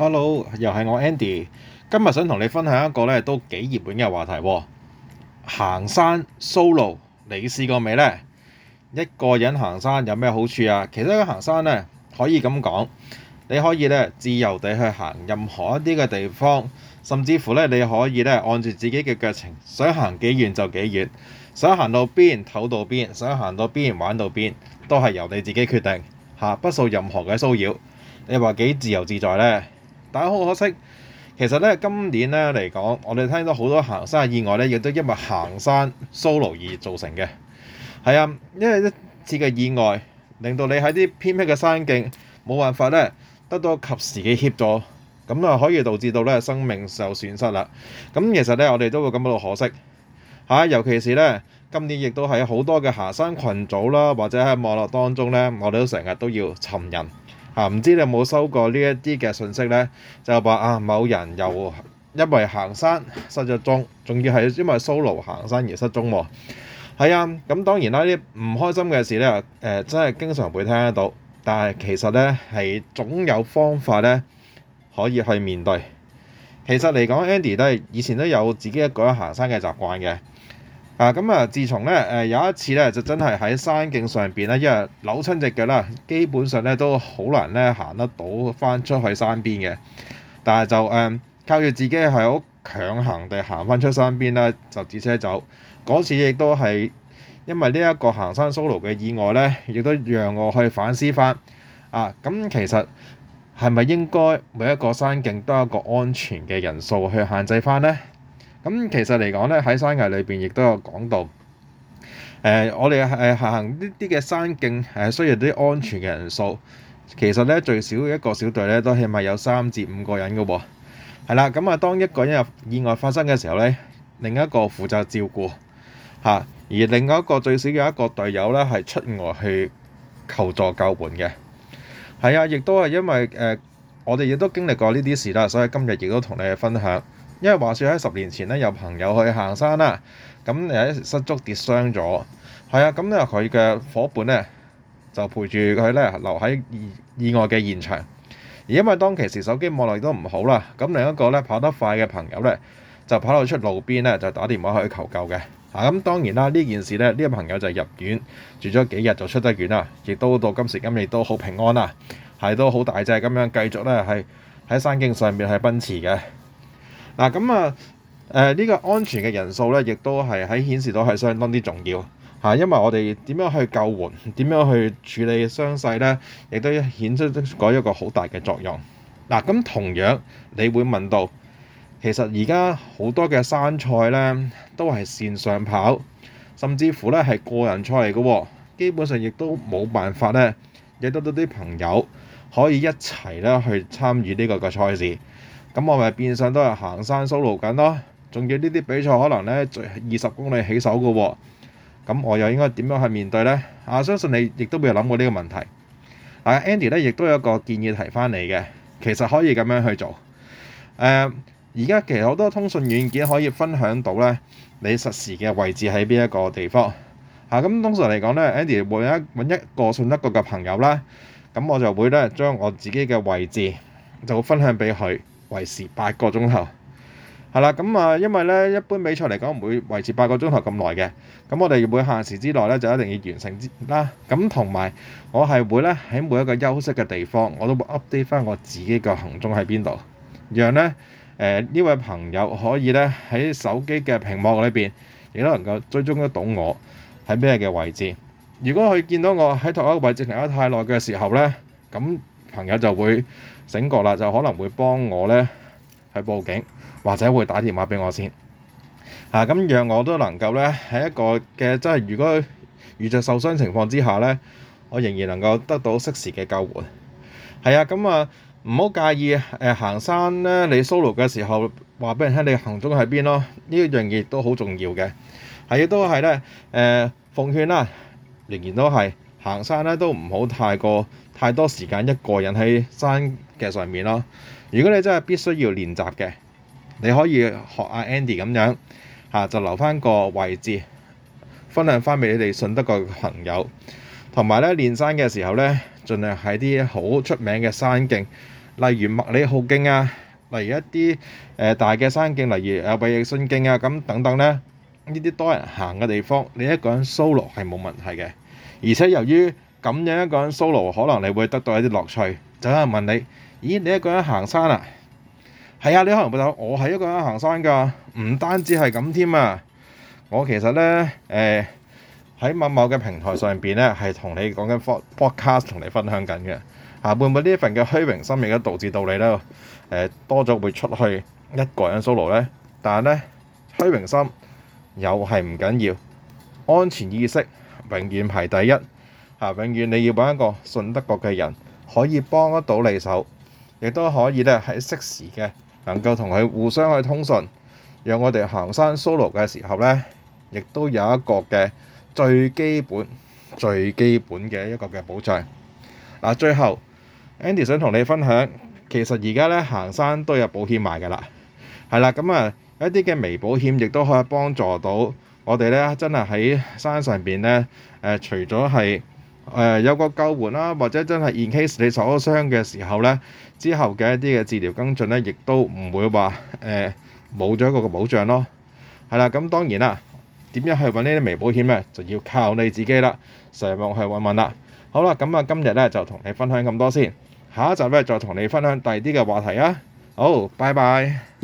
Hello，又係我 Andy。今日想同你分享一個咧，都幾熱門嘅話題，哦，行山 solo，你試過未呢？一個人行山有咩好處啊？其實行山咧可以咁講，你可以咧自由地去行任何一啲嘅地方，甚至乎咧你可以咧按住自己嘅腳程，想行幾遠就幾遠，想行到邊唞到邊，想行到邊玩到邊，都係由你自己決定，吓，不受任何嘅騷擾。你話幾自由自在呢？大家好可惜，其實咧今年咧嚟講，我哋聽到好多行山嘅意外咧，亦都因為行山 solo 而造成嘅。係啊，因為一次嘅意外，令到你喺啲偏僻嘅山徑，冇辦法咧得到及時嘅協助，咁啊可以導致到咧生命受損失啦。咁其實咧我哋都會感覺到可惜。嚇，尤其是咧今年亦都喺好多嘅行山群組啦，或者喺網絡當中咧，我哋都成日都要尋人。嚇，唔、啊、知你有冇收過呢一啲嘅信息呢？就話啊某人又因為行山失咗蹤，仲要係因為 solo 行山而失蹤喎。係啊，咁、啊、當然啦，啲唔開心嘅事呢，誒、呃、真係經常會聽得到，但係其實呢，係總有方法呢可以去面對。其實嚟講，Andy 都係以前都有自己一個人行山嘅習慣嘅。啊，咁啊，自從咧，誒、呃、有一次咧，就真係喺山徑上邊咧，因為扭親隻腳啦，基本上咧都好難咧行得到返出去山邊嘅。但係就誒、呃、靠住自己係好強行地行返出山邊咧，就止車走。嗰次亦都係因為呢一個行山 solo 嘅意外咧，亦都讓我去反思返。啊，咁其實係咪應該每一個山徑都有一個安全嘅人數去限制返咧？咁其實嚟講咧，喺山藝裏邊亦都有講到，誒、呃，我哋係行呢啲嘅山徑，誒，需要啲安全嘅人數。其實咧，最少一個小隊咧，都起碼有三至五個人嘅喎。係啦，咁啊，當一個人有意外發生嘅時候咧，另一個負責照顧嚇、啊，而另外一個最少嘅一個隊友咧，係出外去求助救援嘅。係啊，亦都係因為誒、呃，我哋亦都經歷過呢啲事啦，所以今日亦都同你哋分享。因為話說喺十年前咧，有朋友去行山啦，咁有失足跌傷咗，係啊，咁咧佢嘅伙伴咧就陪住佢咧留喺意外嘅現場。而因為當其時手機網絡亦都唔好啦，咁另一個咧跑得快嘅朋友咧就跑到出路邊咧就打電話去求救嘅。咁、啊、當然啦，呢件事咧呢個朋友就入院住咗幾日就出得院啦，亦都到今時今日都好平安啦，係都好大隻咁樣繼續咧係喺山徑上面係奔馳嘅。嗱咁啊，誒呢個安全嘅人數咧，亦都係喺顯示到係相當之重要嚇，因為我哋點樣去救援，點樣去處理傷勢咧，亦都顯出咗一個好大嘅作用。嗱咁同樣，你會問到，其實而家好多嘅山賽咧，都係線上跑，甚至乎咧係個人賽嚟嘅喎，基本上亦都冇辦法咧，有得多啲朋友可以一齊咧去參與呢個嘅賽事。咁我咪變相都係行山 solo 緊咯，仲要呢啲比賽可能咧最二十公里起手嘅喎，咁我又應該點樣去面對咧？啊，相信你亦都會諗過呢個問題。嗱，Andy 咧亦都有個建議提返你嘅，其實可以咁樣去做。誒，而家其實好多通訊軟件可以分享到咧你實時嘅位置喺邊一個地方。嚇，咁通常嚟講咧，Andy 會揾一揾一個信得過嘅朋友啦，咁我就會咧將我自己嘅位置就會分享俾佢。維持八個鐘頭，係啦，咁啊，因為咧一般比賽嚟講唔會維持八個鐘頭咁耐嘅，咁我哋每限時之內咧就一定要完成之啦。咁同埋我係會咧喺每一個休息嘅地方，我都會 update 翻我自己嘅行蹤喺邊度，讓咧誒呢、呃、位朋友可以咧喺手機嘅屏幕裏邊亦都能夠追蹤得到我喺咩嘅位置。如果佢見到我喺同一個位置停得太耐嘅時候咧，咁朋友就會。醒覺啦，就可能會幫我咧去報警，或者會打電話俾我先嚇。咁讓我都能夠咧喺一個嘅即係，如果遇著受傷情況之下咧，我仍然能夠得到適時嘅救援。係啊，咁啊唔好介意誒行山咧，你 solo 嘅時候話俾人聽你行蹤喺邊咯。呢一樣嘢都好重要嘅，係亦都係咧誒奉勸啦，仍然都係。行山咧都唔好太過太多時間一個人喺山嘅上面咯。如果你真係必須要練習嘅，你可以學阿 Andy 咁樣嚇，就留翻個位置分享翻俾你哋信得過嘅朋友。同埋咧練山嘅時候咧，盡量喺啲好出名嘅山徑，例如麥理浩徑啊，例如一啲誒大嘅山徑，例如啊，衛奕信徑啊，咁等等咧，呢啲多人行嘅地方，你一個人 solo 係冇問題嘅。而且由於咁樣一個人 solo，可能你會得到一啲樂趣。就有人問你，咦，你一個人行山啊？係啊，你可能會講：我係一個人行山㗎，唔單止係咁添啊！我其實咧，誒喺某某嘅平台上邊咧，係同你講緊 podcast，同你分享緊嘅。嚇，會唔會呢一份嘅虛榮心亦都導致到你咧？誒，多咗會出去一個人 solo 咧，但係咧，虛榮心又係唔緊要，安全意識。永遠排第一嚇、啊，永遠你要揾一個信得過嘅人，可以幫得到你手，亦都可以咧喺適時嘅能夠同佢互相去通訊，讓我哋行山 solo 嘅時候呢，亦都有一個嘅最基本、最基本嘅一個嘅保障。嗱、啊，最後 Andy 想同你分享，其實而家呢，行山都有保險賣㗎啦，係啦，咁啊一啲嘅微保險亦都可以幫助到。我哋咧真係喺山上邊咧，誒、呃、除咗係誒有個救援啦，或者真係 in case 你受咗傷嘅時候咧，之後嘅一啲嘅治療跟進咧，亦都唔會話誒冇咗一個保障咯。係啦，咁當然啦，點樣去揾呢啲微保險咧，就要靠你自己啦，上網去揾揾啦。好啦，咁啊今日咧就同你分享咁多先，下一集咧再同你分享第二啲嘅話題啊。好，拜拜。